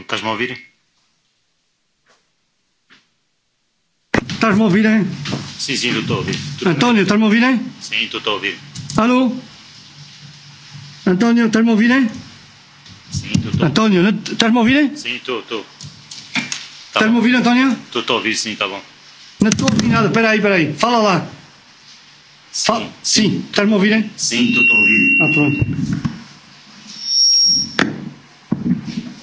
Estás-me a ouvir? Estás-me a ouvir, hein? Sim, sim, eu estou a ouvir. Tudo António, estás-me a ouvir, hein? Sim, tu estou a ouvir. Alô? António, estás-me a ouvir, hein? Sim, tu estou. António, estás-me a ouvir, hein? Sim, estou, estou. Estás-me a ouvir, António? Tu estou a ouvir, sim, está bom. Não estou a ouvir nada, espera aí, espera aí. Fala lá. Sim, estás-me a ouvir, hein? Sim, estou a ouvir. Ah, pronto.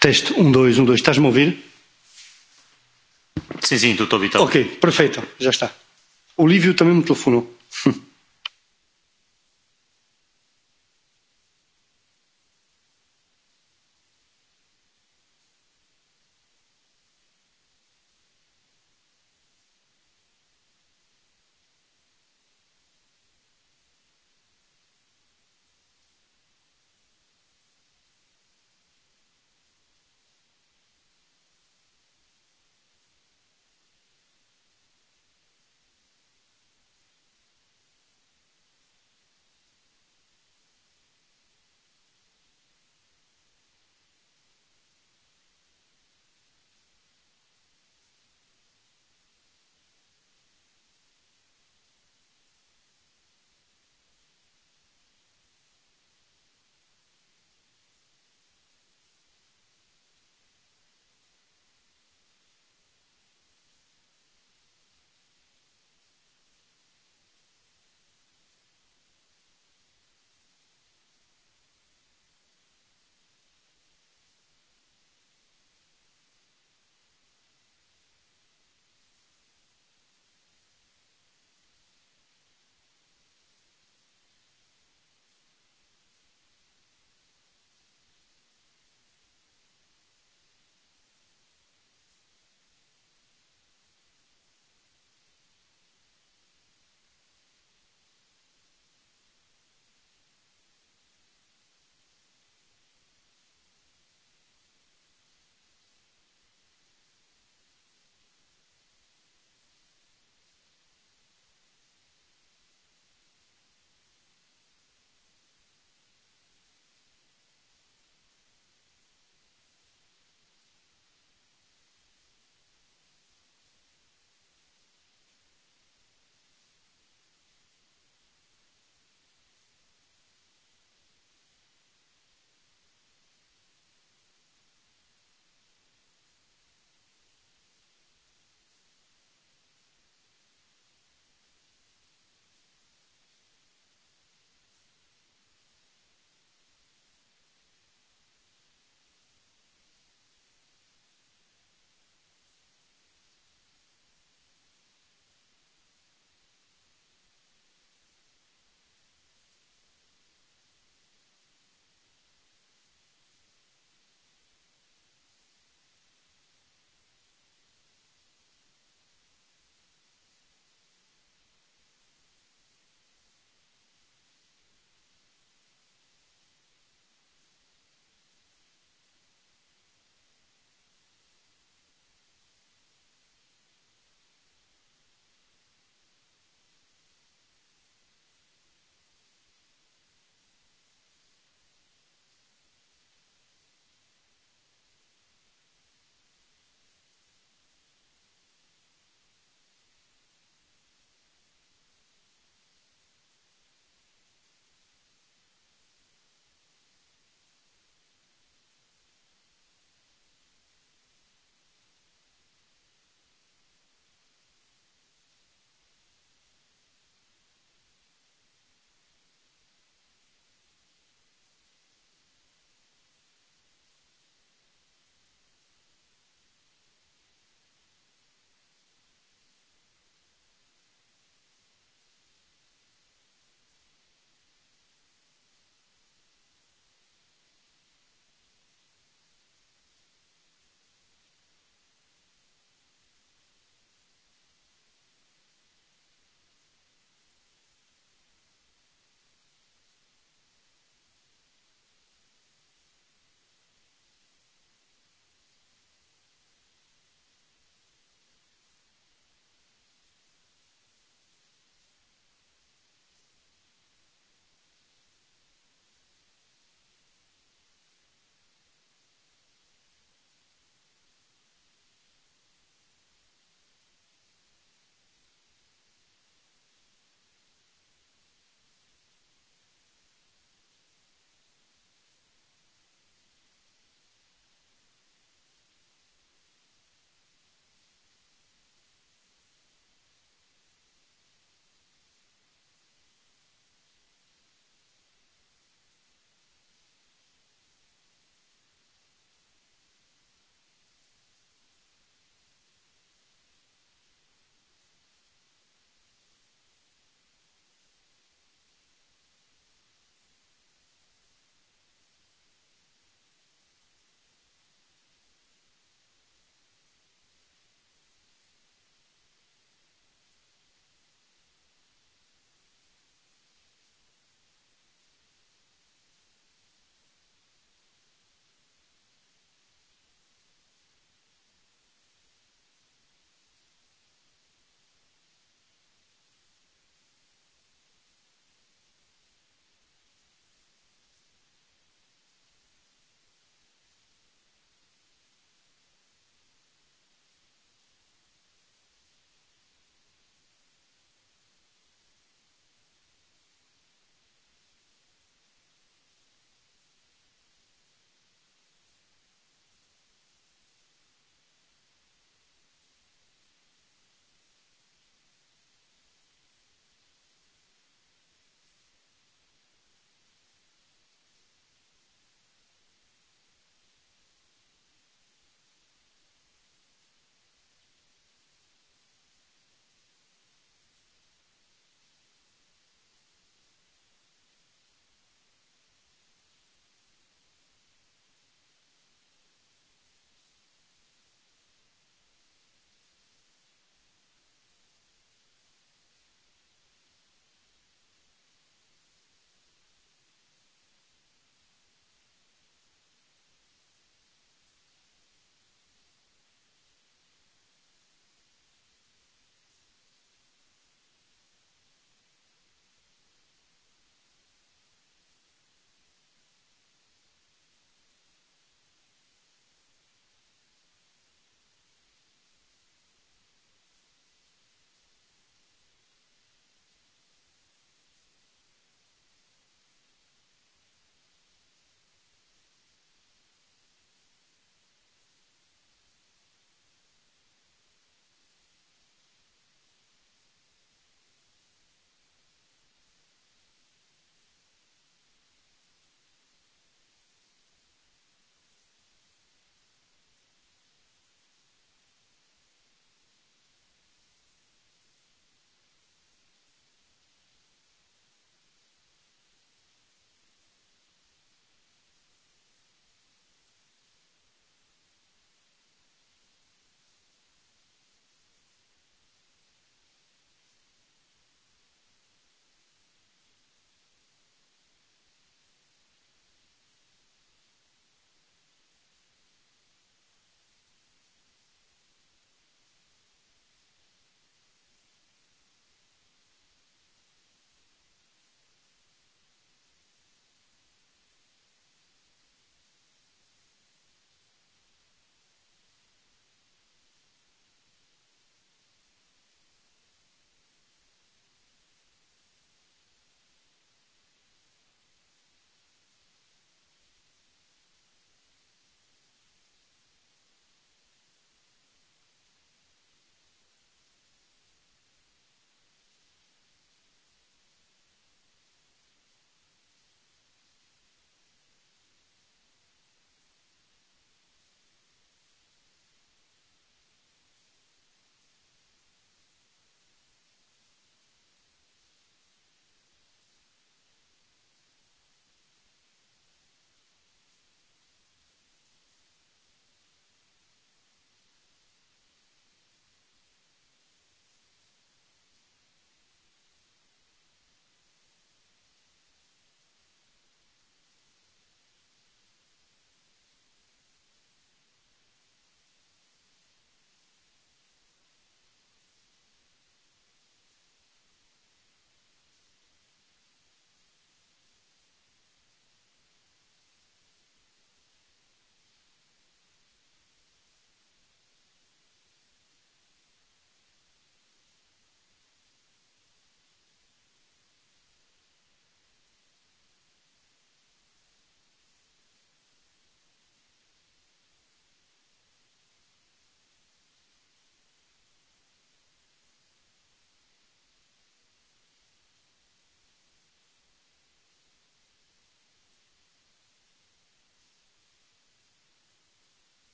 Teste, um, dois, um, dois. Estás-me a ouvir? Sim, sim, estou a ouvir. Ok, perfeito, já está. O Lívio também me telefonou.